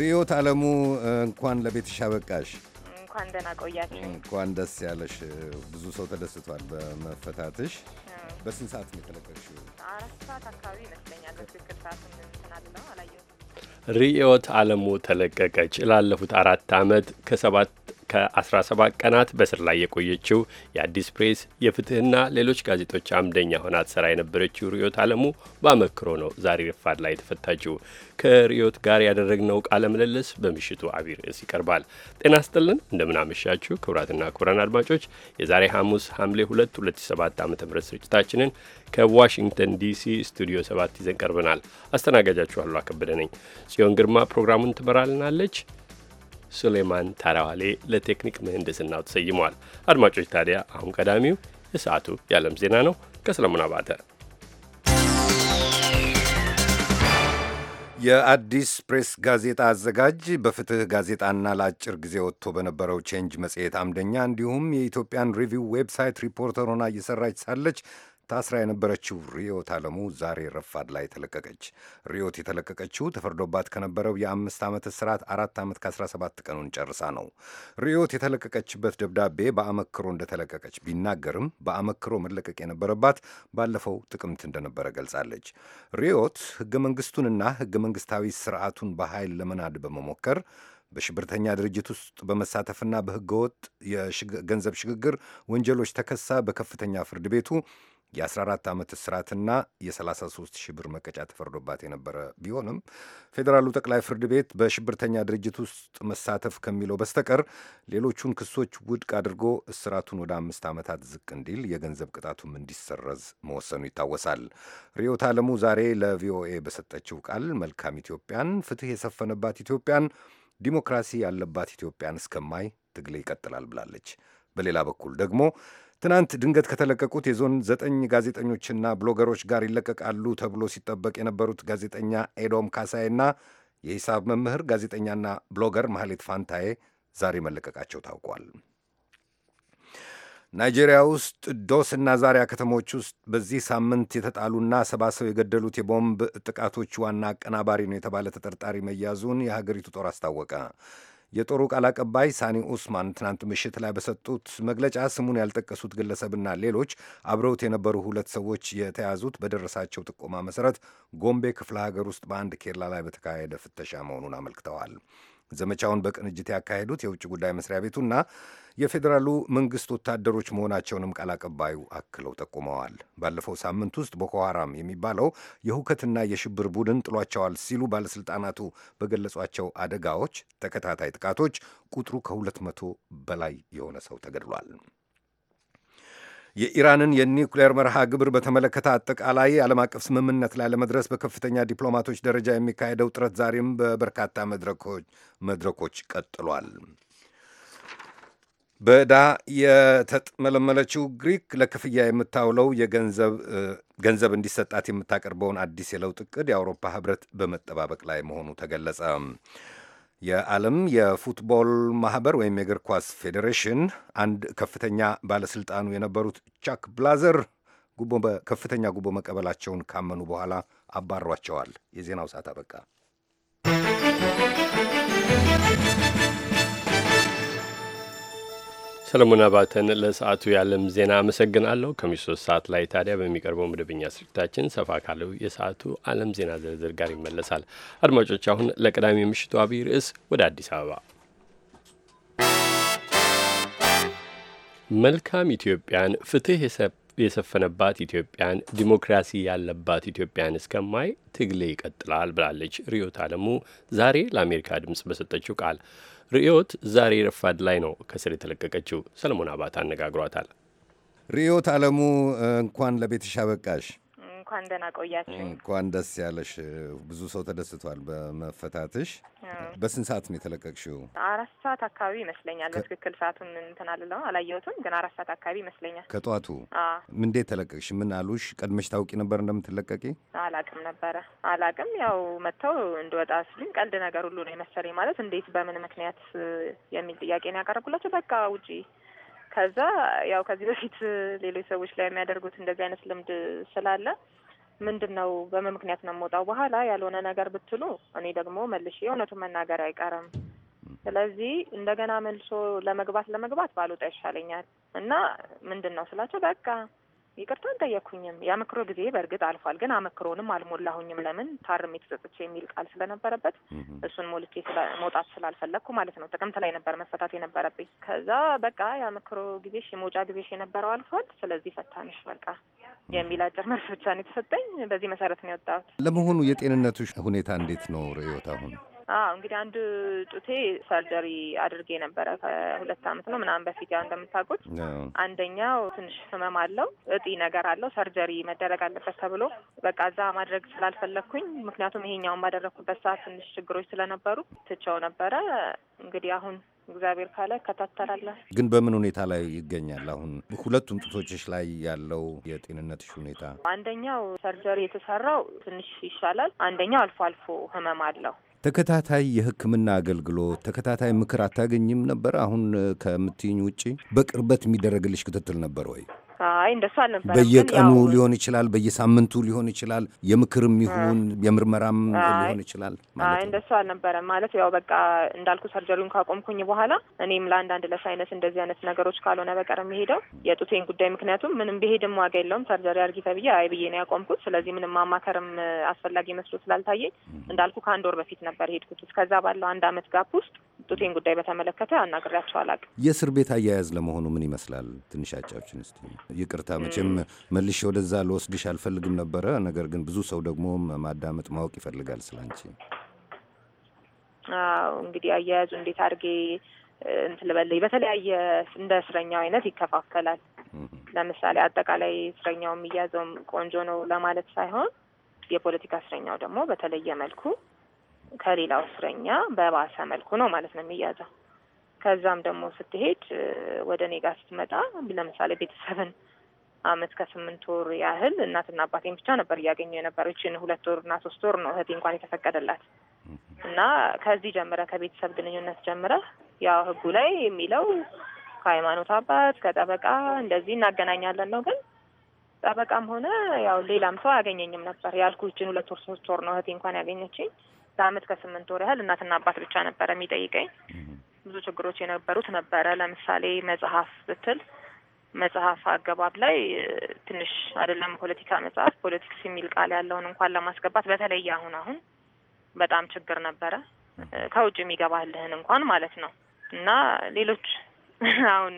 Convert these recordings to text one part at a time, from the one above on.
ሪዮት አለሙ እንኳን ለቤትሽ አበቃሽ። እንኳን ደህና ቆያችሁ። እንኳን ደስ ያለሽ። ብዙ ሰው ተደስቷል በመፈታትሽ። በስንት ሰዓት ነው የተለቀቅሽው? አራት ሰዓት አካባቢ ይመስለኛል። በትክክል ሰዓት እንትናለው አላየሁም። ሪዮት አለሙ ተለቀቀች። ላለፉት አራት ዓመት ከሰባት ከ17 ቀናት በስር ላይ የቆየችው የአዲስ ፕሬስ የፍትህና ሌሎች ጋዜጦች አምደኛ ሆና ትሰራ የነበረችው ርዮት አለሙ በአመክሮ ነው ዛሬ ረፋድ ላይ የተፈታችው። ከርዕዮት ጋር ያደረግነው ቃለ ምልልስ በምሽቱ አቢይ ርዕስ ይቀርባል። ጤና ስጥልን፣ እንደምናመሻችሁ ክቡራትና ክቡራን አድማጮች የዛሬ ሐሙስ ሐምሌ 2 2007 ዓ ም ስርጭታችንን ከዋሽንግተን ዲሲ ስቱዲዮ 7 ይዘን ቀርበናል። አስተናጋጃችኋሉ አከበደ ነኝ። ጽዮን ግርማ ፕሮግራሙን ትመራልናለች። ሱሌማን ታራዋሌ ለቴክኒክ ምህንድስናው ተሰይመዋል። አድማጮች ታዲያ አሁን ቀዳሚው የሰዓቱ የዓለም ዜና ነው። ከሰለሞን አባተ የአዲስ ፕሬስ ጋዜጣ አዘጋጅ በፍትህ ጋዜጣና ለአጭር ጊዜ ወጥቶ በነበረው ቼንጅ መጽሔት አምደኛ እንዲሁም የኢትዮጵያን ሪቪው ዌብሳይት ሪፖርተር ሆና እየሰራች ሳለች ታስራ የነበረችው ሪዮት አለሙ ዛሬ ረፋድ ላይ ተለቀቀች። ሪዮት የተለቀቀችው ተፈርዶባት ከነበረው የአምስት ዓመት እስራት አራት ዓመት ከ17 ቀኑን ጨርሳ ነው። ሪዮት የተለቀቀችበት ደብዳቤ በአመክሮ እንደተለቀቀች ቢናገርም በአመክሮ መለቀቅ የነበረባት ባለፈው ጥቅምት እንደነበረ ገልጻለች። ሪዮት ህገ መንግስቱንና ህገ መንግስታዊ ስርዓቱን በኃይል ለመናድ በመሞከር በሽብርተኛ ድርጅት ውስጥ በመሳተፍና በህገወጥ የገንዘብ ሽግግር ወንጀሎች ተከሳ በከፍተኛ ፍርድ ቤቱ የ14 ዓመት እስራትና የ33 ሺህ ብር መቀጫ ተፈርዶባት የነበረ ቢሆንም ፌዴራሉ ጠቅላይ ፍርድ ቤት በሽብርተኛ ድርጅት ውስጥ መሳተፍ ከሚለው በስተቀር ሌሎቹን ክሶች ውድቅ አድርጎ እስራቱን ወደ አምስት ዓመታት ዝቅ እንዲል የገንዘብ ቅጣቱም እንዲሰረዝ መወሰኑ ይታወሳል። ርዕዮት ዓለሙ ዛሬ ለቪኦኤ በሰጠችው ቃል መልካም ኢትዮጵያን፣ ፍትህ የሰፈነባት ኢትዮጵያን፣ ዲሞክራሲ ያለባት ኢትዮጵያን እስከማይ ትግሌ ይቀጥላል ብላለች። በሌላ በኩል ደግሞ ትናንት ድንገት ከተለቀቁት የዞን ዘጠኝ ጋዜጠኞችና ብሎገሮች ጋር ይለቀቃሉ ተብሎ ሲጠበቅ የነበሩት ጋዜጠኛ ኤዶም ካሳይና የሂሳብ መምህር ጋዜጠኛና ብሎገር ማህሌት ፋንታዬ ዛሬ መለቀቃቸው ታውቋል። ናይጄሪያ ውስጥ ዶስ እና ዛሪያ ከተሞች ውስጥ በዚህ ሳምንት የተጣሉና ሰባ ሰው የገደሉት የቦምብ ጥቃቶች ዋና አቀናባሪ ነው የተባለ ተጠርጣሪ መያዙን የሀገሪቱ ጦር አስታወቀ። የጦሩ ቃል አቀባይ ሳኒ ኡስማን ትናንት ምሽት ላይ በሰጡት መግለጫ ስሙን ያልጠቀሱት ግለሰብና ሌሎች አብረውት የነበሩ ሁለት ሰዎች የተያዙት በደረሳቸው ጥቆማ መሰረት ጎምቤ ክፍለ ሀገር ውስጥ በአንድ ኬላ ላይ በተካሄደ ፍተሻ መሆኑን አመልክተዋል። ዘመቻውን በቅንጅት ያካሄዱት የውጭ ጉዳይ መስሪያ ቤቱና የፌዴራሉ መንግስት ወታደሮች መሆናቸውንም ቃል አቀባዩ አክለው ጠቁመዋል። ባለፈው ሳምንት ውስጥ ቦኮ ሐራም የሚባለው የሁከትና የሽብር ቡድን ጥሏቸዋል ሲሉ ባለሥልጣናቱ በገለጿቸው አደጋዎች፣ ተከታታይ ጥቃቶች ቁጥሩ ከሁለት መቶ በላይ የሆነ ሰው ተገድሏል። የኢራንን የኒውክሌር መርሃ ግብር በተመለከተ አጠቃላይ ዓለም አቀፍ ስምምነት ላይ ለመድረስ በከፍተኛ ዲፕሎማቶች ደረጃ የሚካሄደው ጥረት ዛሬም በበርካታ መድረኮች ቀጥሏል። በዕዳ የተጥመለመለችው ግሪክ ለክፍያ የምታውለው ገንዘብ እንዲሰጣት የምታቀርበውን አዲስ የለውጥ እቅድ የአውሮፓ ህብረት በመጠባበቅ ላይ መሆኑ ተገለጸ። የዓለም የፉትቦል ማኅበር ወይም የእግር ኳስ ፌዴሬሽን አንድ ከፍተኛ ባለሥልጣኑ የነበሩት ቻክ ብላዘር ጉቦ ከፍተኛ ጉቦ መቀበላቸውን ካመኑ በኋላ አባሯቸዋል። የዜናው ሰዓት አበቃ። ሰለሞን አባተን ለሰዓቱ የዓለም ዜና አመሰግናለሁ። ከምሽቱ ሶስት ሰዓት ላይ ታዲያ በሚቀርበው መደበኛ ስርጭታችን ሰፋ ካለው የሰዓቱ ዓለም ዜና ዝርዝር ጋር ይመለሳል። አድማጮች፣ አሁን ለቀዳሚ ምሽቱ አብይ ርዕስ ወደ አዲስ አበባ መልካም ኢትዮጵያን ፍትህ የሰፈነባት ኢትዮጵያን ዲሞክራሲ ያለባት ኢትዮጵያን እስከማይ ትግሌ ይቀጥላል ብላለች። ርዕዮት አለሙ ዛሬ ለአሜሪካ ድምፅ በሰጠችው ቃል። ርዕዮት ዛሬ ረፋድ ላይ ነው ከስር የተለቀቀችው። ሰለሞን አባት አነጋግሯታል። ርዕዮት አለሙ እንኳን ለቤተሻ በቃሽ። እንኳን ደህና ቆያችሁ። እንኳን ደስ ያለሽ። ብዙ ሰው ተደስቷል በመፈታትሽ። በስንት ሰዓት ነው የተለቀቅሽው? አራት ሰዓት አካባቢ ይመስለኛል። በትክክል ሰዓቱን እንትን አልለው አላየሁትም፣ ግን አራት ሰዓት አካባቢ ይመስለኛል ከጠዋቱ። እንዴት ተለቀቅሽ? ምን አሉሽ? ቀድመሽ ታውቂ ነበር እንደምትለቀቂ? አላቅም ነበረ አላቅም። ያው መጥተው እንድወጣ ስልኝ ቀልድ ነገር ሁሉ ነው የመሰለኝ። ማለት እንዴት በምን ምክንያት የሚል ጥያቄ ነው ያቀረብኩላቸው። በቃ ውጪ ከዛ ያው ከዚህ በፊት ሌሎች ሰዎች ላይ የሚያደርጉት እንደዚህ አይነት ልምድ ስላለ ምንድን ነው በምን ምክንያት ነው የምወጣው በኋላ ያልሆነ ነገር ብትሉ እኔ ደግሞ መልሼ እውነቱ መናገር አይቀርም። ስለዚህ እንደገና መልሶ ለመግባት ለመግባት ባልወጣ ይሻለኛል እና ምንድን ነው ስላቸው በቃ ይቅርታ እንጠየኩኝም የአመክሮ ጊዜ በእርግጥ አልፏል፣ ግን አመክሮንም አልሞላሁኝም። ለምን ታርሜ ተጸጽቼ የሚል ቃል ስለነበረበት እሱን ሞልቼ መውጣት ስላልፈለግኩ ማለት ነው። ጥቅምት ላይ ነበር መፈታት የነበረብኝ። ከዛ በቃ የአመክሮ ጊዜሽ የመውጫ ጊዜሽ የነበረው አልፏል፣ ስለዚህ ፈታንሽ በቃ የሚል አጭር መልስ ብቻ ነው የተሰጠኝ። በዚህ መሰረት ነው የወጣሁት። ለመሆኑ የጤንነቱ ሁኔታ እንዴት ነው ርዕዮት አሁን? አዎ እንግዲህ አንድ ጡቴ ሰርጀሪ አድርጌ ነበረ ከሁለት አመት ነው ምናምን በፊት ያው እንደምታውቁት፣ አንደኛው ትንሽ ህመም አለው እጢ ነገር አለው ሰርጀሪ መደረግ አለበት ተብሎ በቃ እዛ ማድረግ ስላልፈለግኩኝ፣ ምክንያቱም ይሄኛውን ባደረግኩበት ሰዓት ትንሽ ችግሮች ስለነበሩ ትቸው ነበረ። እንግዲህ አሁን እግዚአብሔር ካለ እከታተላለሁ። ግን በምን ሁኔታ ላይ ይገኛል አሁን ሁለቱም ጡቶችሽ ላይ ያለው የጤንነትሽ ሁኔታ? አንደኛው ሰርጀሪ የተሰራው ትንሽ ይሻላል፣ አንደኛው አልፎ አልፎ ህመም አለው ተከታታይ የሕክምና አገልግሎት ተከታታይ ምክር አታገኝም ነበር? አሁን ከምትኝ ውጪ በቅርበት የሚደረግልሽ ክትትል ነበር ወይ? አይ እንደሱ በየቀኑ ሊሆን ይችላል፣ በየሳምንቱ ሊሆን ይችላል፣ የምክርም ይሁን የምርመራም ሊሆን ይችላል። አይ እንደሱ አልነበረም። ማለት ያው በቃ እንዳልኩ ሰርጀሪውን ካቆምኩኝ በኋላ እኔም ለአንዳንድ ለሳይነስ እንደዚህ አይነት ነገሮች ካልሆነ በቀር የሚሄደው የጡቴን ጉዳይ ምክንያቱም ምንም ብሄድም ዋጋ የለውም ሰርጀሪ አድርጊ ተብዬ አይ ብዬ ነው ያቆምኩት። ስለዚህ ምንም ማማከርም አስፈላጊ መስሎ ስላልታየኝ እንዳልኩ ከአንድ ወር በፊት ነበር ሄድኩት። እስከዛ ባለው አንድ አመት ጋፕ ውስጥ ጡቴን ጉዳይ በተመለከተ አናግሬያቸው አላውቅም። የእስር ቤት አያያዝ ለመሆኑ ምን ይመስላል? ትንሽ አጫዎችን ስ ይቅርታ መቼም መልሼ ወደዛ ልወስድሽ አልፈልግም ነበረ። ነገር ግን ብዙ ሰው ደግሞ ማዳመጥ ማወቅ ይፈልጋል ስላንቺ። አዎ እንግዲህ አያያዙ እንዴት አድርጌ እንትን ልበልኝ፣ በተለያየ እንደ እስረኛው አይነት ይከፋፈላል። ለምሳሌ አጠቃላይ እስረኛው የሚያዘውም ቆንጆ ነው ለማለት ሳይሆን የፖለቲካ እስረኛው ደግሞ በተለየ መልኩ ከሌላው እስረኛ በባሰ መልኩ ነው ማለት ነው የሚያዘው። ከዛም ደግሞ ስትሄድ ወደ እኔ ጋር ስትመጣ ለምሳሌ ቤተሰብን አመት ከስምንት ወር ያህል እናትና አባቴን ብቻ ነበር እያገኘ የነበረው። ይችን ሁለት ወር እና ሶስት ወር ነው እህቴ እንኳን የተፈቀደላት እና ከዚህ ጀምረ ከቤተሰብ ግንኙነት ጀምረ ያው ህጉ ላይ የሚለው ከሃይማኖት አባት ከጠበቃ እንደዚህ እናገናኛለን ነው። ግን ጠበቃም ሆነ ያው ሌላም ሰው አያገኘኝም ነበር ያልኩ። ይችን ሁለት ወር ሶስት ወር ነው እህቴ እንኳን ያገኘችኝ። ለአመት ከስምንት ወር ያህል እናትና አባት ብቻ ነበረ የሚጠይቀኝ። ብዙ ችግሮች የነበሩት ነበረ። ለምሳሌ መጽሐፍ ብትል መጽሐፍ አገባብ ላይ ትንሽ አይደለም ፖለቲካ መጽሐፍ ፖለቲክስ የሚል ቃል ያለውን እንኳን ለማስገባት በተለይ አሁን አሁን በጣም ችግር ነበረ። ከውጭ የሚገባልህን እንኳን ማለት ነው እና ሌሎች አሁን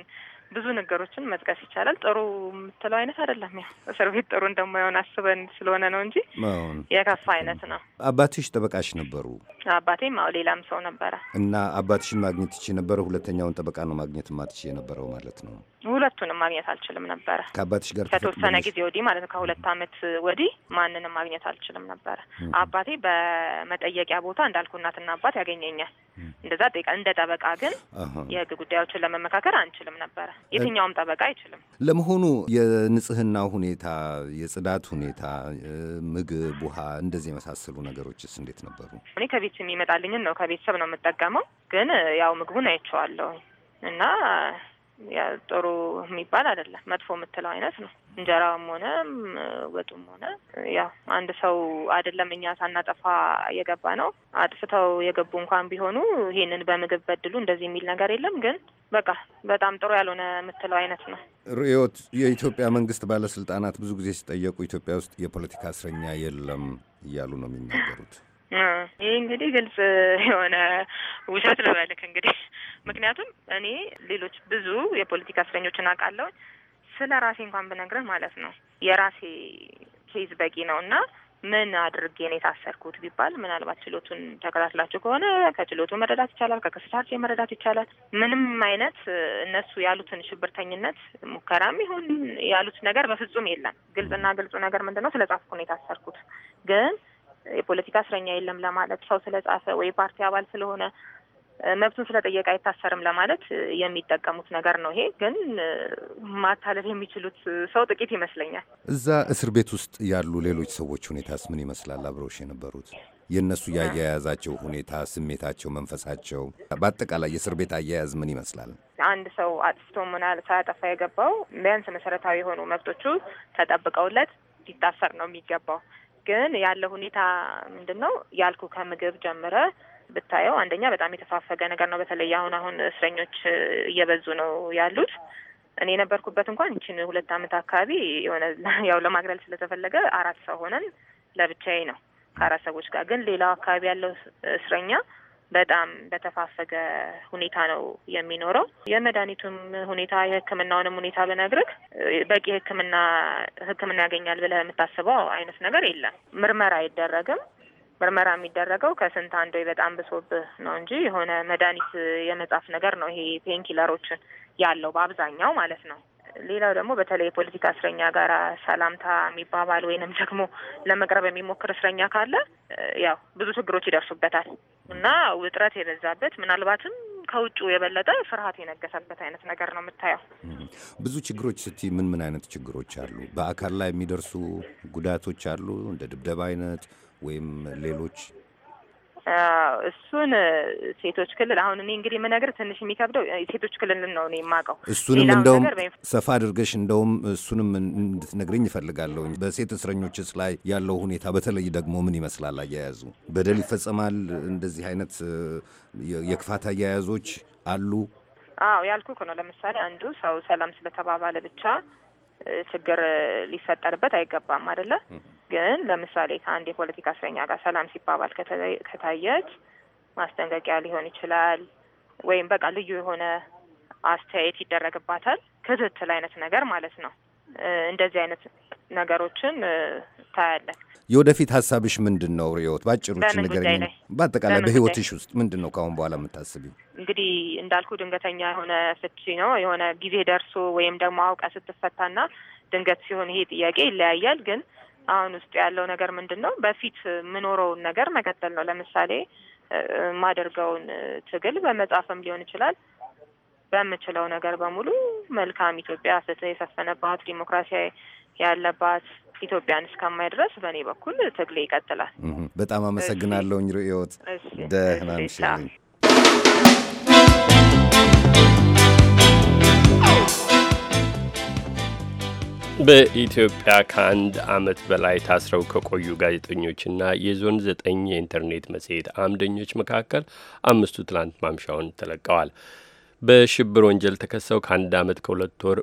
ብዙ ነገሮችን መጥቀስ ይቻላል። ጥሩ የምትለው አይነት አይደለም። ያው እስር ቤት ጥሩ እንደማይሆን አስበን ስለሆነ ነው እንጂ የከፋ አይነት ነው። አባትሽ ጠበቃሽ ነበሩ? አባቴም አው ሌላም ሰው ነበረ እና አባትሽን ማግኘት ትቼ ነበረ። ሁለተኛውን ጠበቃ ነው ማግኘት ማትቼ የነበረው ማለት ነው። ሁለቱንም ማግኘት አልችልም ነበረ። ከአባትሽ ጋር ከተወሰነ ጊዜ ወዲህ ማለት ነው፣ ከሁለት አመት ወዲህ ማንንም ማግኘት አልችልም ነበረ። አባቴ በመጠየቂያ ቦታ እንዳልኩ እናትና አባት ያገኘኛል። እንደዛ እንደ ጠበቃ ግን የህግ ጉዳዮችን ለመመካከር አንችልም ነበረ። የትኛውም ጠበቃ አይችልም። ለመሆኑ የንጽህና ሁኔታ፣ የጽዳት ሁኔታ፣ ምግብ፣ ውሃ እንደዚህ የመሳሰሉ ነገሮችስ እንዴት ነበሩ? እኔ ከቤት የሚመጣልኝን ነው ከቤተሰብ ነው የምጠቀመው። ግን ያው ምግቡን አይቼዋለሁ እና ጥሩ የሚባል አይደለም። መጥፎ የምትለው አይነት ነው። እንጀራም ሆነ ወጡም ሆነ ያው አንድ ሰው አይደለም እኛ ሳናጠፋ የገባ ነው። አጥፍተው የገቡ እንኳን ቢሆኑ ይህንን በምግብ በድሉ እንደዚህ የሚል ነገር የለም። ግን በቃ በጣም ጥሩ ያልሆነ የምትለው አይነት ነው። ርዕዮት፣ የኢትዮጵያ መንግስት ባለስልጣናት ብዙ ጊዜ ሲጠየቁ ኢትዮጵያ ውስጥ የፖለቲካ እስረኛ የለም እያሉ ነው የሚናገሩት ይህ እንግዲህ ግልጽ የሆነ ውሸት ልበልክ እንግዲህ ምክንያቱም እኔ ሌሎች ብዙ የፖለቲካ እስረኞችን አውቃለሁ። ስለ ራሴ እንኳን ብነግርህ ማለት ነው የራሴ ኬዝ በቂ ነው እና ምን አድርጌ ነው የታሰርኩት ቢባል ምናልባት ችሎቱን ተከታትላችሁ ከሆነ ከችሎቱ መረዳት ይቻላል፣ ከክስ ቻርጅ መረዳት ይቻላል። ምንም አይነት እነሱ ያሉትን ሽብርተኝነት ሙከራም ይሁን ያሉት ነገር በፍጹም የለም። ግልጽና ግልጹ ነገር ምንድን ነው? ስለ ጻፍኩ ነው የታሰርኩት ግን የፖለቲካ እስረኛ የለም ለማለት ሰው ስለጻፈ ወይ ፓርቲ አባል ስለሆነ መብቱን ስለጠየቀ አይታሰርም ለማለት የሚጠቀሙት ነገር ነው። ይሄ ግን ማታለፍ የሚችሉት ሰው ጥቂት ይመስለኛል። እዛ እስር ቤት ውስጥ ያሉ ሌሎች ሰዎች ሁኔታስ ምን ይመስላል? አብረውሽ የነበሩት የእነሱ የአያያዛቸው ሁኔታ፣ ስሜታቸው፣ መንፈሳቸው፣ በአጠቃላይ የእስር ቤት አያያዝ ምን ይመስላል? አንድ ሰው አጥፍቶ ምናል ሳያጠፋ የገባው ቢያንስ መሰረታዊ የሆኑ መብቶቹ ተጠብቀውለት ሊታሰር ነው የሚገባው። ግን ያለ ሁኔታ ምንድን ነው ያልኩ ከምግብ ጀምረ ብታየው አንደኛ በጣም የተፋፈገ ነገር ነው። በተለይ አሁን አሁን እስረኞች እየበዙ ነው ያሉት። እኔ የነበርኩበት እንኳን ይችን ሁለት ዓመት አካባቢ የሆነ ያው ለማግለል ስለተፈለገ አራት ሰው ሆነን ለብቻዬ ነው ከአራት ሰዎች ጋር ግን ሌላው አካባቢ ያለው እስረኛ በጣም በተፋፈገ ሁኔታ ነው የሚኖረው። የመድኃኒቱም ሁኔታ የሕክምናውንም ሁኔታ ብነግርህ በቂ ሕክምና ሕክምና ያገኛል ብለህ የምታስበው አይነት ነገር የለም። ምርመራ አይደረግም። ምርመራ የሚደረገው ከስንት አንድ ወይ በጣም ብሶብህ ነው እንጂ የሆነ መድኃኒት የመጻፍ ነገር ነው ይሄ ፔንኪለሮችን ያለው በአብዛኛው ማለት ነው። ሌላው ደግሞ በተለይ የፖለቲካ እስረኛ ጋር ሰላምታ የሚባባል ወይንም ደግሞ ለመቅረብ የሚሞክር እስረኛ ካለ ያው ብዙ ችግሮች ይደርሱበታል እና ውጥረት የበዛበት ምናልባትም ከውጭ የበለጠ ፍርሃት የነገሰበት አይነት ነገር ነው የምታየው። ብዙ ችግሮች ስቲ ምን ምን አይነት ችግሮች አሉ? በአካል ላይ የሚደርሱ ጉዳቶች አሉ እንደ ድብደባ አይነት ወይም ሌሎች እሱን ሴቶች ክልል አሁን እኔ እንግዲህ የምነግርህ ትንሽ የሚከብደው ሴቶች ክልል ነው እኔ የማውቀው። እሱንም እንደውም ሰፋ አድርገሽ እንደውም እሱንም እንድትነግርኝ ይፈልጋለሁ። በሴት እስረኞችስ ላይ ያለው ሁኔታ በተለይ ደግሞ ምን ይመስላል? አያያዙ በደል ይፈጸማል? እንደዚህ አይነት የክፋት አያያዞች አሉ? አዎ ያልኩ ነው። ለምሳሌ አንዱ ሰው ሰላም ስለተባባለ ብቻ ችግር ሊፈጠርበት አይገባም አይደለ? ግን ለምሳሌ ከአንድ የፖለቲካ እስረኛ ጋር ሰላም ሲባባል ከታየች ማስጠንቀቂያ ሊሆን ይችላል፣ ወይም በቃ ልዩ የሆነ አስተያየት ይደረግባታል። ክትትል አይነት ነገር ማለት ነው። እንደዚህ አይነት ነገሮችን ታያለን። የወደፊት ሀሳብሽ ምንድን ነው ሪዮት? ባጭሩ ንገሪኝ። በአጠቃላይ በህይወትሽ ውስጥ ምንድን ነው ከአሁን በኋላ የምታስብ እንግዲህ እንዳልኩ ድንገተኛ የሆነ ፍቺ ነው የሆነ ጊዜ ደርሶ ወይም ደግሞ አውቀ ስትፈታና ድንገት ሲሆን ይሄ ጥያቄ ይለያያል። ግን አሁን ውስጥ ያለው ነገር ምንድን ነው? በፊት የምኖረውን ነገር መቀጠል ነው። ለምሳሌ የማደርገውን ትግል በመጻፍም ሊሆን ይችላል በምችለው ነገር በሙሉ መልካም ኢትዮጵያ፣ ፍትህ የሰፈነባት ዲሞክራሲያዊ ያለባት ኢትዮጵያን እስከማይ ድረስ በእኔ በኩል ትግሌ ይቀጥላል። በጣም አመሰግናለሁኝ ርዕዮት። ደህና ነሽ? በኢትዮጵያ ከአንድ ዓመት በላይ ታስረው ከቆዩ ጋዜጠኞችና የዞን ዘጠኝ የኢንተርኔት መጽሔት አምደኞች መካከል አምስቱ ትላንት ማምሻውን ተለቀዋል። በሽብር ወንጀል ተከሰው ከአንድ ዓመት ከሁለት ወር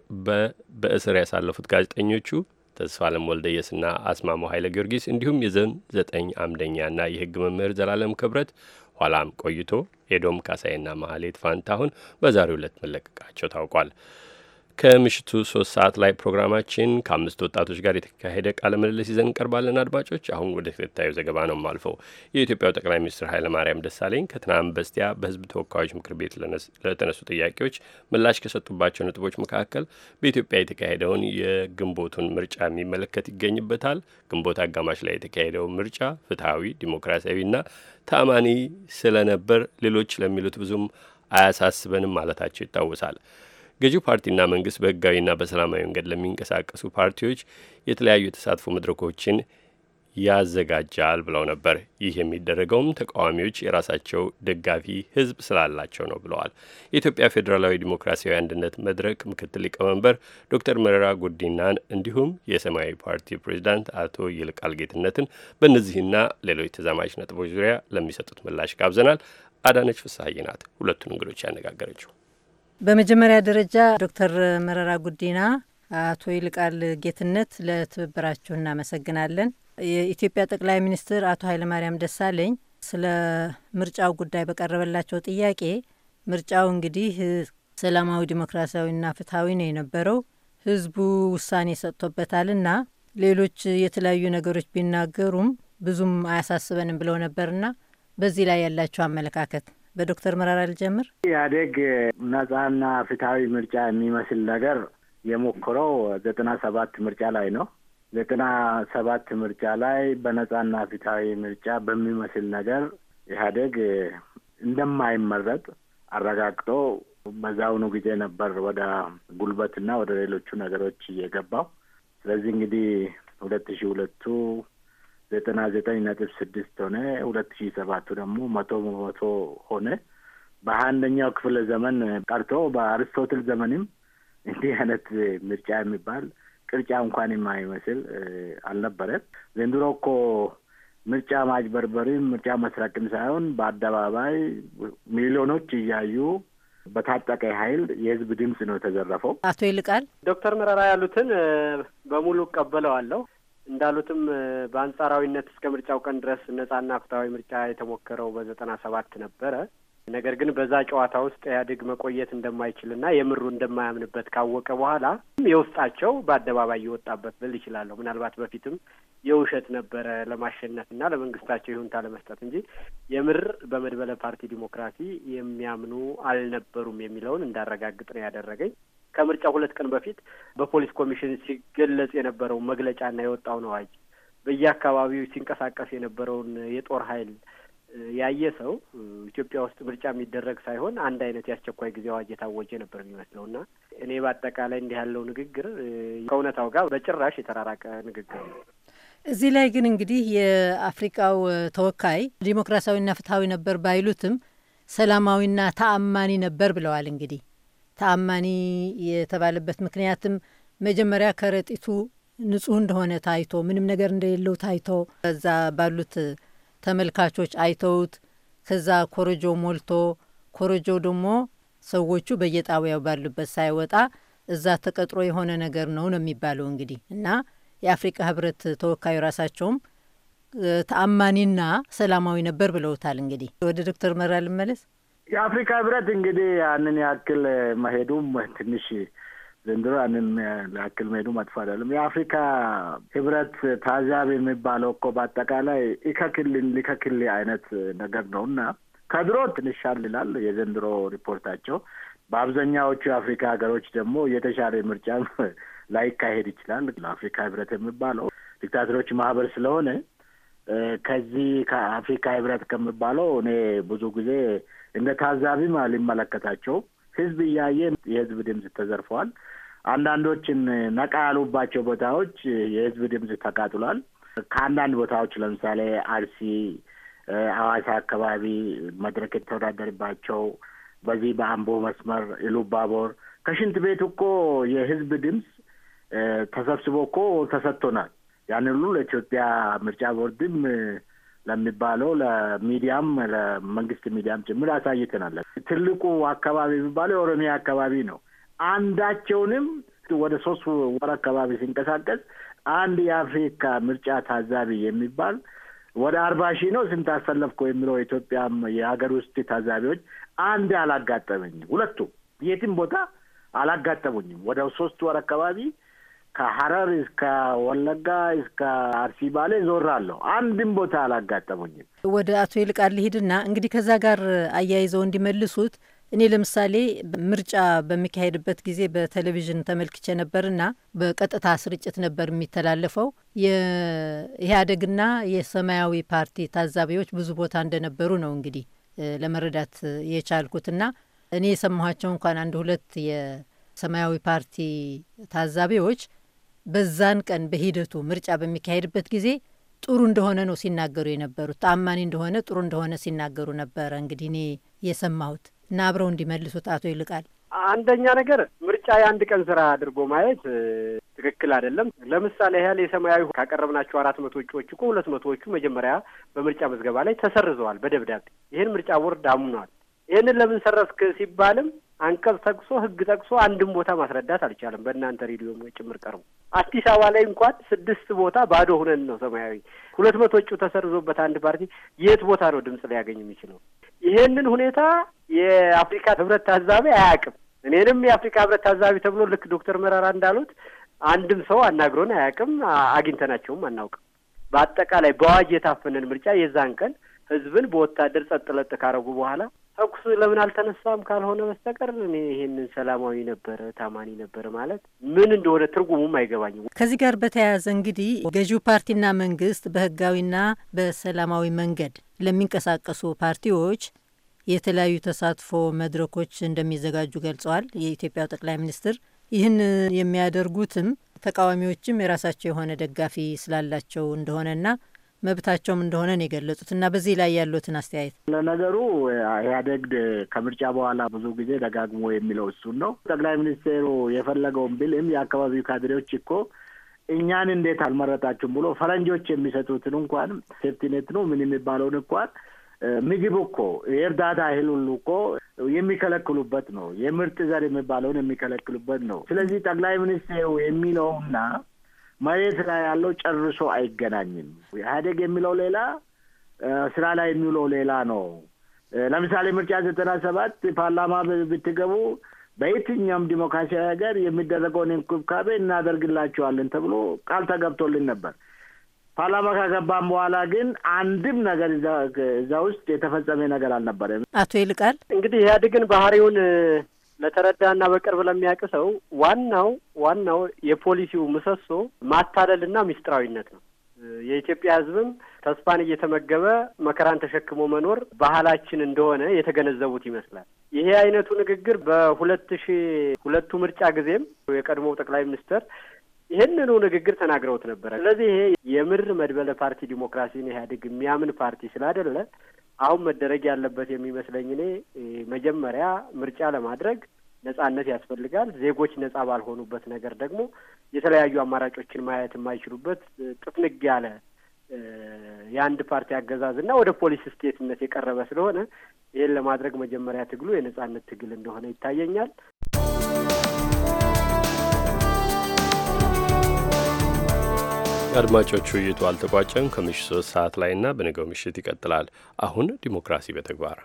በእስር ያሳለፉት ጋዜጠኞቹ ተስፋለም ወልደየስና አስማሞ ኃይለ ጊዮርጊስ እንዲሁም የዘን ዘጠኝ አምደኛና የህግ መምህር ዘላለም ክብረት ኋላም ቆይቶ ኤዶም ካሳይና መሀሌት ፋንታሁን በዛሬው ዕለት መለቀቃቸው ታውቋል። ከምሽቱ ሶስት ሰዓት ላይ ፕሮግራማችን ከአምስት ወጣቶች ጋር የተካሄደ ቃለ ምልልስ ይዘን እንቀርባለን። አድማጮች፣ አሁን ወደ ተከታዩ ዘገባ ነው የማልፈው። የኢትዮጵያው ጠቅላይ ሚኒስትር ኃይለማርያም ደሳለኝ ከትናንት በስቲያ በህዝብ ተወካዮች ምክር ቤት ለተነሱ ጥያቄዎች ምላሽ ከሰጡባቸው ነጥቦች መካከል በኢትዮጵያ የተካሄደውን የግንቦቱን ምርጫ የሚመለከት ይገኝበታል። ግንቦት አጋማሽ ላይ የተካሄደው ምርጫ ፍትሐዊ፣ ዲሞክራሲያዊና ተአማኒ ስለነበር ሌሎች ለሚሉት ብዙም አያሳስበንም ማለታቸው ይታወሳል። ገዢው ፓርቲና መንግስት በህጋዊና በሰላማዊ መንገድ ለሚንቀሳቀሱ ፓርቲዎች የተለያዩ የተሳትፎ መድረኮችን ያዘጋጃል ብለው ነበር። ይህ የሚደረገውም ተቃዋሚዎች የራሳቸው ደጋፊ ህዝብ ስላላቸው ነው ብለዋል። የኢትዮጵያ ፌዴራላዊ ዲሞክራሲያዊ አንድነት መድረክ ምክትል ሊቀመንበር ዶክተር መረራ ጉዲናን እንዲሁም የሰማያዊ ፓርቲ ፕሬዚዳንት አቶ ይልቃል ጌትነትን በእነዚህና ሌሎች ተዛማጅ ነጥቦች ዙሪያ ለሚሰጡት ምላሽ ጋብዘናል። አዳነች ፍስሀዬ ናት ሁለቱን እንግዶች ያነጋገረችው። በመጀመሪያ ደረጃ ዶክተር መረራ ጉዲና፣ አቶ ይልቃል ጌትነት ለትብብራችሁ እናመሰግናለን። የኢትዮጵያ ጠቅላይ ሚኒስትር አቶ ኃይለማርያም ደሳለኝ ስለ ምርጫው ጉዳይ በቀረበላቸው ጥያቄ ምርጫው እንግዲህ ሰላማዊ ዲሞክራሲያዊና ፍትሐዊ ነው የነበረው ህዝቡ ውሳኔ ሰጥቶበታልና ሌሎች የተለያዩ ነገሮች ቢናገሩም ብዙም አያሳስበንም ብለው ነበርና በዚህ ላይ ያላቸው አመለካከት በዶክተር መራራ ልጀምር። ኢህአዴግ ነጻና ፍትሀዊ ምርጫ የሚመስል ነገር የሞክረው ዘጠና ሰባት ምርጫ ላይ ነው። ዘጠና ሰባት ምርጫ ላይ በነጻና ፍትሀዊ ምርጫ በሚመስል ነገር ኢህአዴግ እንደማይመረጥ አረጋግጦ በዛውኑ ጊዜ ነበር ወደ ጉልበትና ወደ ሌሎቹ ነገሮች እየገባው። ስለዚህ እንግዲህ ሁለት ሺ ሁለቱ ዘጠና ዘጠኝ ነጥብ ስድስት ሆነ። ሁለት ሺ ሰባቱ ደግሞ መቶ በመቶ ሆነ። በአንደኛው ክፍለ ዘመን ቀርቶ በአርስቶትል ዘመንም እንዲህ አይነት ምርጫ የሚባል ቅርጫ እንኳን የማይመስል አልነበረም። ዘንድሮ እኮ ምርጫ ማጭበርበርም ምርጫ መስረቅም ሳይሆን በአደባባይ ሚሊዮኖች እያዩ በታጠቀ ኃይል የህዝብ ድምፅ ነው የተዘረፈው። አቶ ይልቃል ዶክተር መረራ ያሉትን በሙሉ እቀበለዋለሁ። እንዳሉትም በአንጻራዊነት እስከ ምርጫው ቀን ድረስ ነጻና ፍትሐዊ ምርጫ የተሞከረው በዘጠና ሰባት ነበረ። ነገር ግን በዛ ጨዋታ ውስጥ ኢህአዴግ መቆየት እንደማይችልና የምሩ እንደማያምንበት ካወቀ በኋላ የውስጣቸው በአደባባይ እየወጣበት ብል ይችላለሁ። ምናልባት በፊትም የውሸት ነበረ ለማሸነፍና ለመንግስታቸው ይሁንታ ለመስጠት እንጂ የምር በመድበለ ፓርቲ ዲሞክራሲ የሚያምኑ አልነበሩም የሚለውን እንዳረጋግጥ ነው ያደረገኝ። ከምርጫ ሁለት ቀን በፊት በፖሊስ ኮሚሽን ሲገለጽ የነበረው መግለጫና የወጣውን አዋጅ በየአካባቢው ሲንቀሳቀስ የነበረውን የጦር ኃይል ያየ ሰው ኢትዮጵያ ውስጥ ምርጫ የሚደረግ ሳይሆን አንድ አይነት የአስቸኳይ ጊዜ አዋጅ የታወጀ ነበር የሚመስለው እና እኔ በአጠቃላይ እንዲህ ያለው ንግግር ከእውነታው ጋር በጭራሽ የተራራቀ ንግግር ነው። እዚህ ላይ ግን እንግዲህ የአፍሪቃው ተወካይ ዲሞክራሲያዊና ፍትሐዊ ነበር ባይሉትም ሰላማዊና ተአማኒ ነበር ብለዋል። እንግዲህ ተአማኒ የተባለበት ምክንያትም መጀመሪያ ከረጢቱ ንጹህ እንደሆነ ታይቶ ምንም ነገር እንደሌለው ታይቶ ከዛ ባሉት ተመልካቾች አይተውት ከዛ ኮረጆ ሞልቶ ኮረጆ ደግሞ ሰዎቹ በየጣቢያው ባሉበት ሳይወጣ እዛ ተቀጥሮ የሆነ ነገር ነው ነው የሚባለው እንግዲህ እና የአፍሪቃ ህብረት ተወካዩ ራሳቸውም ተአማኒና ሰላማዊ ነበር ብለውታል። እንግዲህ ወደ ዶክተር መራ ልመለስ። የአፍሪካ ህብረት እንግዲህ ያንን ያክል መሄዱም ትንሽ ዘንድሮ ያንን ያክል መሄዱ መጥፎ አይደለም። የአፍሪካ ህብረት ታዛቢ የሚባለው እኮ በአጠቃላይ ይከክልን ሊከክል አይነት ነገር ነው እና ከድሮ ትንሻል ይላል የዘንድሮ ሪፖርታቸው። በአብዛኛዎቹ የአፍሪካ ሀገሮች ደግሞ የተሻለ ምርጫ ላይካሄድ ይችላል። ለአፍሪካ ህብረት የሚባለው ዲክታተሮች ማህበር ስለሆነ ከዚህ ከአፍሪካ ህብረት ከሚባለው እኔ ብዙ ጊዜ እንደ ታዛቢም አልመለከታቸው። ህዝብ እያየ የህዝብ ድምፅ ተዘርፈዋል። አንዳንዶችን ነቃ ያሉባቸው ቦታዎች የህዝብ ድምፅ ተቃጥሏል። ከአንዳንድ ቦታዎች ለምሳሌ አርሲ፣ አዋሳ አካባቢ መድረክ የተወዳደርባቸው በዚህ በአምቦ መስመር ኢሉባቦር ከሽንት ቤት እኮ የህዝብ ድምፅ ተሰብስቦ እኮ ተሰጥቶናል። ያን ሁሉ ለኢትዮጵያ ምርጫ ቦርድም ለሚባለው ለሚዲያም ለመንግስት ሚዲያም ጭምር አሳይተናል። ትልቁ አካባቢ የሚባለው የኦሮሚያ አካባቢ ነው። አንዳቸውንም ወደ ሶስት ወር አካባቢ ሲንቀሳቀስ አንድ የአፍሪካ ምርጫ ታዛቢ የሚባል ወደ አርባ ሺህ ነው ስንት አሰለፍኩ የሚለው የኢትዮጵያም የሀገር ውስጥ ታዛቢዎች አንድ አላጋጠመኝም። ሁለቱ የትም ቦታ አላጋጠሙኝም። ወደ ሶስት ወር አካባቢ ከሀረር እስከ ወለጋ እስከ አርሲባሌ ባሌ ዞራለሁ። አንድም ቦታ አላጋጠሙኝም። ወደ አቶ ይልቃል ሊሂድና እንግዲህ ከዛ ጋር አያይዘው እንዲመልሱት እኔ ለምሳሌ ምርጫ በሚካሄድበት ጊዜ በቴሌቪዥን ተመልክቼ ነበርና በቀጥታ ስርጭት ነበር የሚተላለፈው። የኢህአዴግና የሰማያዊ ፓርቲ ታዛቢዎች ብዙ ቦታ እንደነበሩ ነው እንግዲህ ለመረዳት የቻልኩትና እኔ የሰማኋቸው እንኳን አንድ ሁለት የሰማያዊ ፓርቲ ታዛቢዎች በዛን ቀን በሂደቱ ምርጫ በሚካሄድበት ጊዜ ጥሩ እንደሆነ ነው ሲናገሩ የነበሩት። ተአማኒ እንደሆነ ጥሩ እንደሆነ ሲናገሩ ነበረ። እንግዲህ እኔ የሰማሁት እና አብረው እንዲመልሱት አቶ ይልቃል። አንደኛ ነገር ምርጫ የአንድ ቀን ስራ አድርጎ ማየት ትክክል አይደለም። ለምሳሌ ያህል የሰማያዊ ካቀረብናቸው አራት መቶ እጩዎች እኮ ሁለት መቶዎቹ መጀመሪያ በምርጫ መዝገባ ላይ ተሰርዘዋል በደብዳቤ ይህን ምርጫ ቦርድ አምኗል። ይህንን ለምን ሰረዝክ ሲባልም አንቀጽ ጠቅሶ ህግ ጠቅሶ አንድም ቦታ ማስረዳት አልቻለም። በእናንተ ሬዲዮ ጭምር ቀርቡ። አዲስ አበባ ላይ እንኳን ስድስት ቦታ ባዶ ሁነን ነው። ሰማያዊ ሁለት መቶ እጩ ተሰርዞበት አንድ ፓርቲ የት ቦታ ነው ድምፅ ሊያገኝ የሚችለው? ይሄንን ሁኔታ የአፍሪካ ህብረት ታዛቢ አያውቅም። እኔንም የአፍሪካ ህብረት ታዛቢ ተብሎ ልክ ዶክተር መራራ እንዳሉት አንድም ሰው አናግሮን አያውቅም። አግኝተናቸውም አናውቅም። በአጠቃላይ በአዋጅ የታፈነን ምርጫ የዛን ቀን ህዝብን በወታደር ጸጥ ለጥ ካረጉ በኋላ ተኩስ ለምን አልተነሳም ካልሆነ በስተቀር እኔ ይሄንን ሰላማዊ ነበረ ታማኒ ነበረ ማለት ምን እንደሆነ ትርጉሙም አይገባኝም። ከዚህ ጋር በተያያዘ እንግዲህ ገዢው ፓርቲና መንግስት በህጋዊና በሰላማዊ መንገድ ለሚንቀሳቀሱ ፓርቲዎች የተለያዩ ተሳትፎ መድረኮች እንደሚዘጋጁ ገልጸዋል። የኢትዮጵያው ጠቅላይ ሚኒስትር ይህን የሚያደርጉትም ተቃዋሚዎችም የራሳቸው የሆነ ደጋፊ ስላላቸው እንደሆነና መብታቸውም እንደሆነ ነው የገለጹት። እና በዚህ ላይ ያሉትን አስተያየት ለነገሩ ኢህአዴግ ከምርጫ በኋላ ብዙ ጊዜ ደጋግሞ የሚለው እሱን ነው። ጠቅላይ ሚኒስትሩ የፈለገውን ቢልም የአካባቢው ካድሬዎች እኮ እኛን እንዴት አልመረጣችሁም ብሎ ፈረንጆች የሚሰጡትን እንኳን ሴፍቲኔት ነው ምን የሚባለውን እንኳን ምግብ እኮ የእርዳታ እህል ሁሉ እኮ የሚከለክሉበት ነው። የምርጥ ዘር የሚባለውን የሚከለክሉበት ነው። ስለዚህ ጠቅላይ ሚኒስትሩ የሚለውና መሬት ላይ ያለው ጨርሶ አይገናኝም። ኢህአዴግ የሚለው ሌላ፣ ስራ ላይ የሚውለው ሌላ ነው። ለምሳሌ ምርጫ ዘጠና ሰባት ፓርላማ ብትገቡ በየትኛውም ዲሞክራሲያዊ ሀገር የሚደረገውን እንክብካቤ እናደርግላቸዋለን ተብሎ ቃል ተገብቶልን ነበር። ፓርላማ ከገባም በኋላ ግን አንድም ነገር እዛ ውስጥ የተፈጸመ ነገር አልነበረም። አቶ ይልቃል እንግዲህ ኢህአዴግን ባህሪውን ለተረዳና በቅርብ ለሚያውቅ ሰው ዋናው ዋናው የፖሊሲው ምሰሶ ማታለልና ሚስጥራዊነት ነው። የኢትዮጵያ ሕዝብም ተስፋን እየተመገበ መከራን ተሸክሞ መኖር ባህላችን እንደሆነ የተገነዘቡት ይመስላል። ይሄ አይነቱ ንግግር በሁለት ሺ ሁለቱ ምርጫ ጊዜም የቀድሞው ጠቅላይ ሚኒስትር ይህንኑ ንግግር ተናግረውት ነበረ። ስለዚህ ይሄ የምር መድበለ ፓርቲ ዲሞክራሲን ኢህአዴግ የሚያምን ፓርቲ ስላደለ አሁን መደረግ ያለበት የሚመስለኝ እኔ መጀመሪያ ምርጫ ለማድረግ ነጻነት ያስፈልጋል። ዜጎች ነጻ ባልሆኑበት ነገር ደግሞ የተለያዩ አማራጮችን ማየት የማይችሉበት ጥፍንግ ያለ የአንድ ፓርቲ እና ወደ ፖሊስ ስቴትነት የቀረበ ስለሆነ ይህን ለማድረግ መጀመሪያ ትግሉ የነጻነት ትግል እንደሆነ ይታየኛል። አድማጮቹ ውይይቱ አልተቋጨም። ከምሽቱ ሶስት ሰዓት ላይና በነገው ምሽት ይቀጥላል። አሁን ዲሞክራሲ በተግባር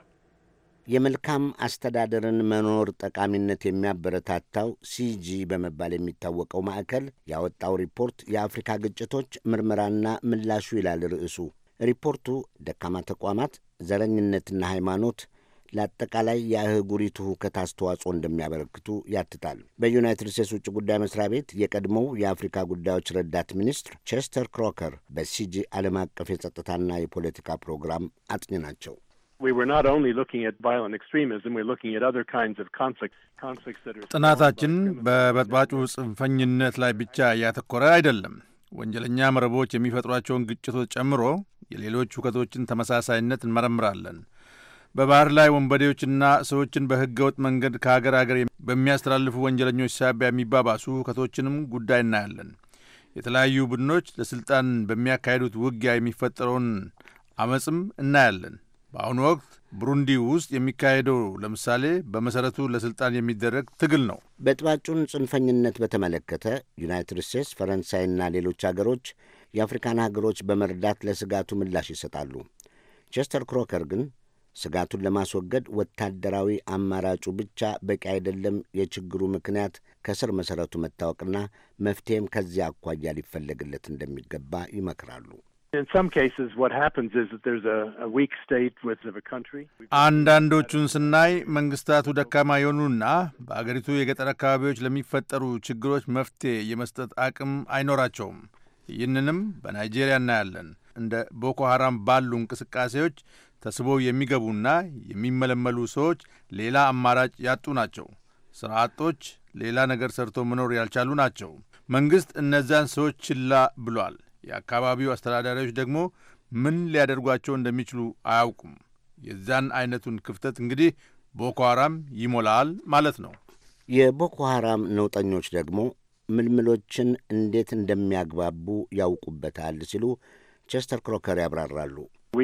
የመልካም አስተዳደርን መኖር ጠቃሚነት የሚያበረታታው ሲጂ በመባል የሚታወቀው ማዕከል ያወጣው ሪፖርት የአፍሪካ ግጭቶች ምርመራና ምላሹ ይላል ርዕሱ። ሪፖርቱ ደካማ ተቋማት፣ ዘረኝነትና ሃይማኖት ለአጠቃላይ የአህጉሪቱ ሁከት አስተዋጽኦ እንደሚያበረክቱ ያትታል። በዩናይትድ ስቴትስ ውጭ ጉዳይ መስሪያ ቤት የቀድሞው የአፍሪካ ጉዳዮች ረዳት ሚኒስትር ቼስተር ክሮከር በሲጂ ዓለም አቀፍ የጸጥታና የፖለቲካ ፕሮግራም አጥኚ ናቸው። ጥናታችን በበጥባጩ ጽንፈኝነት ላይ ብቻ እያተኮረ አይደለም። ወንጀለኛ መረቦች የሚፈጥሯቸውን ግጭቶች ጨምሮ የሌሎች ሁከቶችን ተመሳሳይነት እንመረምራለን። በባህር ላይ ወንበዴዎችና ሰዎችን በህገወጥ ወጥ መንገድ ከሀገር ሀገር በሚያስተላልፉ ወንጀለኞች ሳቢያ የሚባባሱ ሁከቶችንም ጉዳይ እናያለን። የተለያዩ ቡድኖች ለስልጣን በሚያካሂዱት ውጊያ የሚፈጠረውን አመፅም እናያለን። በአሁኑ ወቅት ብሩንዲ ውስጥ የሚካሄደው ለምሳሌ በመሰረቱ ለስልጣን የሚደረግ ትግል ነው። በጥባጩን ጽንፈኝነት በተመለከተ ዩናይትድ ስቴትስ፣ ፈረንሳይና ሌሎች አገሮች የአፍሪካን ሀገሮች በመርዳት ለስጋቱ ምላሽ ይሰጣሉ። ቸስተር ክሮከር ግን ስጋቱን ለማስወገድ ወታደራዊ አማራጩ ብቻ በቂ አይደለም። የችግሩ ምክንያት ከስር መሠረቱ መታወቅና መፍትሄም ከዚያ አኳያ ሊፈለግለት እንደሚገባ ይመክራሉ። አንዳንዶቹን ስናይ መንግስታቱ ደካማ የሆኑና በአገሪቱ የገጠር አካባቢዎች ለሚፈጠሩ ችግሮች መፍትሄ የመስጠት አቅም አይኖራቸውም። ይህንንም በናይጄሪያ እናያለን። እንደ ቦኮ ሀራም ባሉ እንቅስቃሴዎች ተስበው የሚገቡና የሚመለመሉ ሰዎች ሌላ አማራጭ ያጡ ናቸው። ሥራ አጦች ሌላ ነገር ሰርቶ መኖር ያልቻሉ ናቸው። መንግሥት እነዚያን ሰዎች ችላ ብሏል። የአካባቢው አስተዳዳሪዎች ደግሞ ምን ሊያደርጓቸው እንደሚችሉ አያውቁም። የዚያን አይነቱን ክፍተት እንግዲህ ቦኮ ሐራም ይሞላል ማለት ነው። የቦኮ ሐራም ነውጠኞች ደግሞ ምልምሎችን እንዴት እንደሚያግባቡ ያውቁበታል ሲሉ ቸስተር ክሮከር ያብራራሉ። እኛ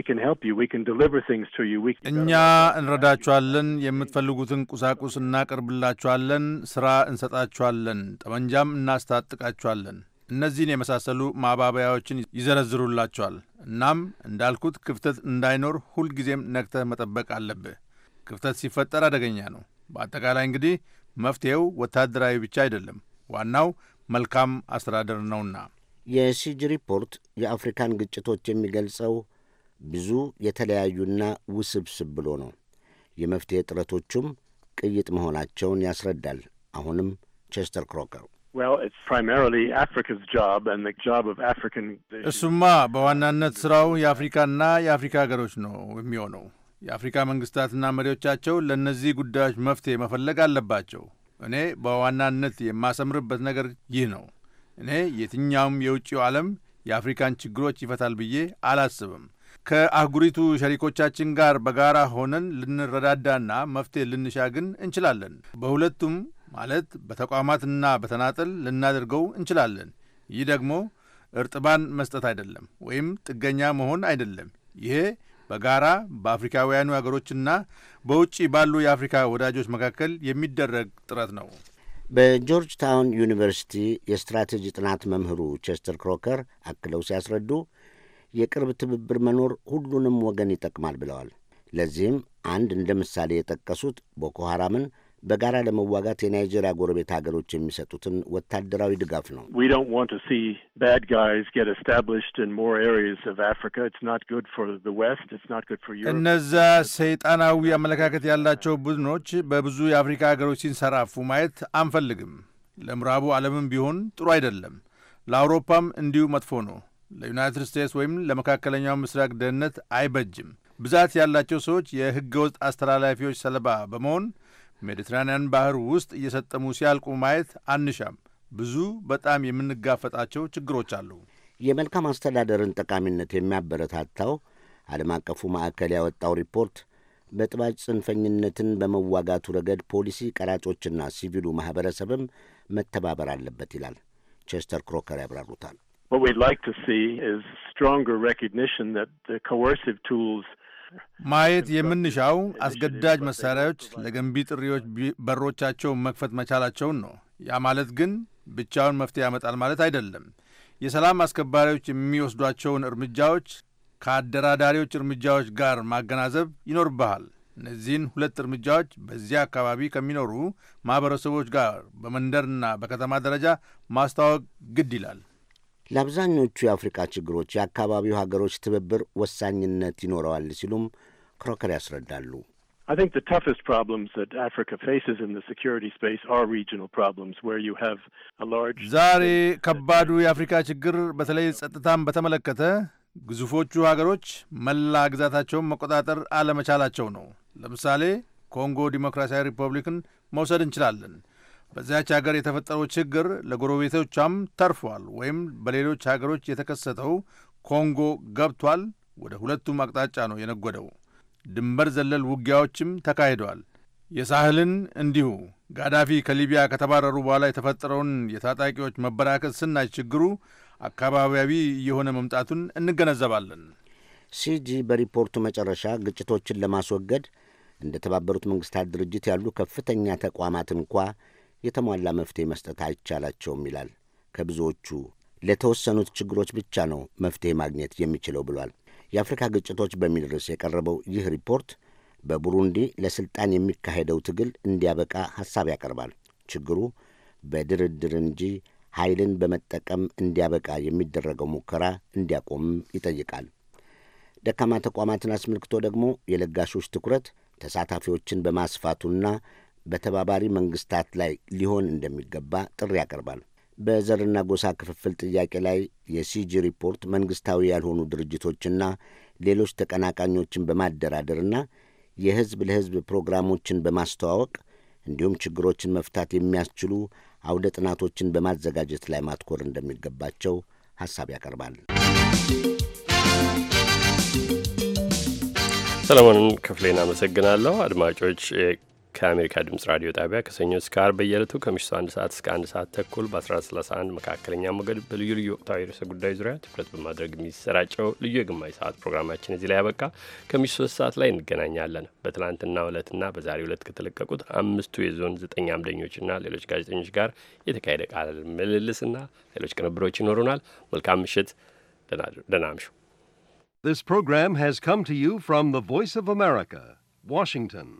እንረዳችኋለን። የምትፈልጉትን ቁሳቁስ እናቀርብላችኋለን። ሥራ እንሰጣችኋለን። ጠመንጃም እናስታጥቃችኋለን። እነዚህን የመሳሰሉ ማባበያዎችን ይዘረዝሩላቸዋል። እናም እንዳልኩት ክፍተት እንዳይኖር ሁልጊዜም ነክተህ መጠበቅ አለብህ። ክፍተት ሲፈጠር አደገኛ ነው። በአጠቃላይ እንግዲህ መፍትሔው ወታደራዊ ብቻ አይደለም፣ ዋናው መልካም አስተዳደር ነውና የሲጅ ሪፖርት የአፍሪካን ግጭቶች የሚገልጸው ብዙ የተለያዩና ውስብስብ ብሎ ነው። የመፍትሔ ጥረቶቹም ቅይጥ መሆናቸውን ያስረዳል። አሁንም ቸስተር ክሮከር እሱማ በዋናነት ስራው የአፍሪካና የአፍሪካ ሀገሮች ነው የሚሆነው። የአፍሪካ መንግስታትና መሪዎቻቸው ለእነዚህ ጉዳዮች መፍትሄ መፈለግ አለባቸው። እኔ በዋናነት የማሰምርበት ነገር ይህ ነው። እኔ የትኛውም የውጭው ዓለም የአፍሪካን ችግሮች ይፈታል ብዬ አላስብም። ከአህጉሪቱ ሸሪኮቻችን ጋር በጋራ ሆነን ልንረዳዳና መፍትሄ ልንሻ ግን እንችላለን። በሁለቱም ማለት በተቋማትና በተናጠል ልናደርገው እንችላለን። ይህ ደግሞ እርጥባን መስጠት አይደለም ወይም ጥገኛ መሆን አይደለም። ይሄ በጋራ በአፍሪካውያኑ ሀገሮችና በውጭ ባሉ የአፍሪካ ወዳጆች መካከል የሚደረግ ጥረት ነው። በጆርጅ ታውን ዩኒቨርሲቲ የስትራቴጂ ጥናት መምህሩ ቸስተር ክሮከር አክለው ሲያስረዱ የቅርብ ትብብር መኖር ሁሉንም ወገን ይጠቅማል ብለዋል። ለዚህም አንድ እንደ ምሳሌ የጠቀሱት ቦኮ ሐራምን በጋራ ለመዋጋት የናይጄሪያ ጎረቤት ሀገሮች የሚሰጡትን ወታደራዊ ድጋፍ ነው። እነዛ ሰይጣናዊ አመለካከት ያላቸው ቡድኖች በብዙ የአፍሪካ ሀገሮች ሲንሰራፉ ማየት አንፈልግም። ለምዕራቡ ዓለምም ቢሆን ጥሩ አይደለም። ለአውሮፓም እንዲሁ መጥፎ ነው። ለዩናይትድ ስቴትስ ወይም ለመካከለኛው ምስራቅ ደህንነት አይበጅም። ብዛት ያላቸው ሰዎች የሕገ ወጥ አስተላላፊዎች ሰለባ በመሆን ሜዲትራንያን ባህር ውስጥ እየሰጠሙ ሲያልቁ ማየት አንሻም። ብዙ በጣም የምንጋፈጣቸው ችግሮች አሉ። የመልካም አስተዳደርን ጠቃሚነት የሚያበረታታው ዓለም አቀፉ ማዕከል ያወጣው ሪፖርት በጥባጭ ጽንፈኝነትን በመዋጋቱ ረገድ ፖሊሲ ቀራጮችና ሲቪሉ ማኅበረሰብም መተባበር አለበት ይላል። ቸስተር ክሮከር ያብራሩታል። What we'd like to see is stronger recognition that the coercive tools ማየት የምንሻው አስገዳጅ መሳሪያዎች ለገንቢ ጥሪዎች በሮቻቸው መክፈት መቻላቸውን ነው። ያ ማለት ግን ብቻውን መፍትሄ ያመጣል ማለት አይደለም። የሰላም አስከባሪዎች የሚወስዷቸውን እርምጃዎች ከአደራዳሪዎች እርምጃዎች ጋር ማገናዘብ ይኖርብሃል። እነዚህን ሁለት እርምጃዎች በዚያ አካባቢ ከሚኖሩ ማኅበረሰቦች ጋር በመንደርና በከተማ ደረጃ ማስተዋወቅ ግድ ይላል። ለአብዛኞቹ የአፍሪቃ ችግሮች የአካባቢው ሀገሮች ትብብር ወሳኝነት ይኖረዋል ሲሉም ክሮከር ያስረዳሉ። ዛሬ ከባዱ የአፍሪካ ችግር በተለይ ጸጥታን በተመለከተ ግዙፎቹ ሀገሮች መላ ግዛታቸውን መቆጣጠር አለመቻላቸው ነው። ለምሳሌ ኮንጎ ዲሞክራሲያዊ ሪፐብሊክን መውሰድ እንችላለን። በዚያች ሀገር የተፈጠረው ችግር ለጎረቤቶቿም ተርፏል ወይም በሌሎች ሀገሮች የተከሰተው ኮንጎ ገብቷል። ወደ ሁለቱም አቅጣጫ ነው የነጎደው። ድንበር ዘለል ውጊያዎችም ተካሂደዋል። የሳህልን እንዲሁ። ጋዳፊ ከሊቢያ ከተባረሩ በኋላ የተፈጠረውን የታጣቂዎች መበራከት ስናይ ችግሩ አካባቢያዊ እየሆነ መምጣቱን እንገነዘባለን። ሲጂ በሪፖርቱ መጨረሻ ግጭቶችን ለማስወገድ እንደ ተባበሩት መንግስታት ድርጅት ያሉ ከፍተኛ ተቋማት እንኳ የተሟላ መፍትሄ መስጠት አይቻላቸውም ይላል። ከብዙዎቹ ለተወሰኑት ችግሮች ብቻ ነው መፍትሄ ማግኘት የሚችለው ብሏል። የአፍሪካ ግጭቶች በሚል ርዕስ የቀረበው ይህ ሪፖርት በቡሩንዲ ለስልጣን የሚካሄደው ትግል እንዲያበቃ ሐሳብ ያቀርባል። ችግሩ በድርድር እንጂ ኃይልን በመጠቀም እንዲያበቃ የሚደረገው ሙከራ እንዲያቆምም ይጠይቃል። ደካማ ተቋማትን አስመልክቶ ደግሞ የለጋሾች ትኩረት ተሳታፊዎችን በማስፋቱና በተባባሪ መንግስታት ላይ ሊሆን እንደሚገባ ጥሪ ያቀርባል። በዘርና ጎሳ ክፍፍል ጥያቄ ላይ የሲጂ ሪፖርት መንግስታዊ ያልሆኑ ድርጅቶችና ሌሎች ተቀናቃኞችን በማደራደርና የህዝብ ለህዝብ ፕሮግራሞችን በማስተዋወቅ እንዲሁም ችግሮችን መፍታት የሚያስችሉ አውደ ጥናቶችን በማዘጋጀት ላይ ማትኮር እንደሚገባቸው ሐሳብ ያቀርባል። ሰለሞንን ክፍሌን አመሰግናለሁ። አድማጮች ከአሜሪካ ድምጽ ራዲዮ ጣቢያ ከሰኞ እስከ አርብ በየዕለቱ ከምሽቱ አንድ ሰዓት እስከ አንድ ሰዓት ተኩል በ1131 መካከለኛ ሞገድ በልዩ ልዩ ወቅታዊ ርዕሰ ጉዳይ ዙሪያ ትኩረት በማድረግ የሚሰራጨው ልዩ የግማሽ ሰዓት ፕሮግራማችን እዚህ ላይ ያበቃ። ከምሽቱ ሶስት ሰዓት ላይ እንገናኛለን። በትናንትና ዕለትና በዛሬ ሁለት ከተለቀቁት አምስቱ የዞን ዘጠኝ አምደኞችና ሌሎች ጋዜጠኞች ጋር የተካሄደ ቃለ ምልልስና ሌሎች ቅንብሮች ይኖሩናል። መልካም ምሽት። ደህና አምሹ። This program has come to you from the Voice of America, Washington.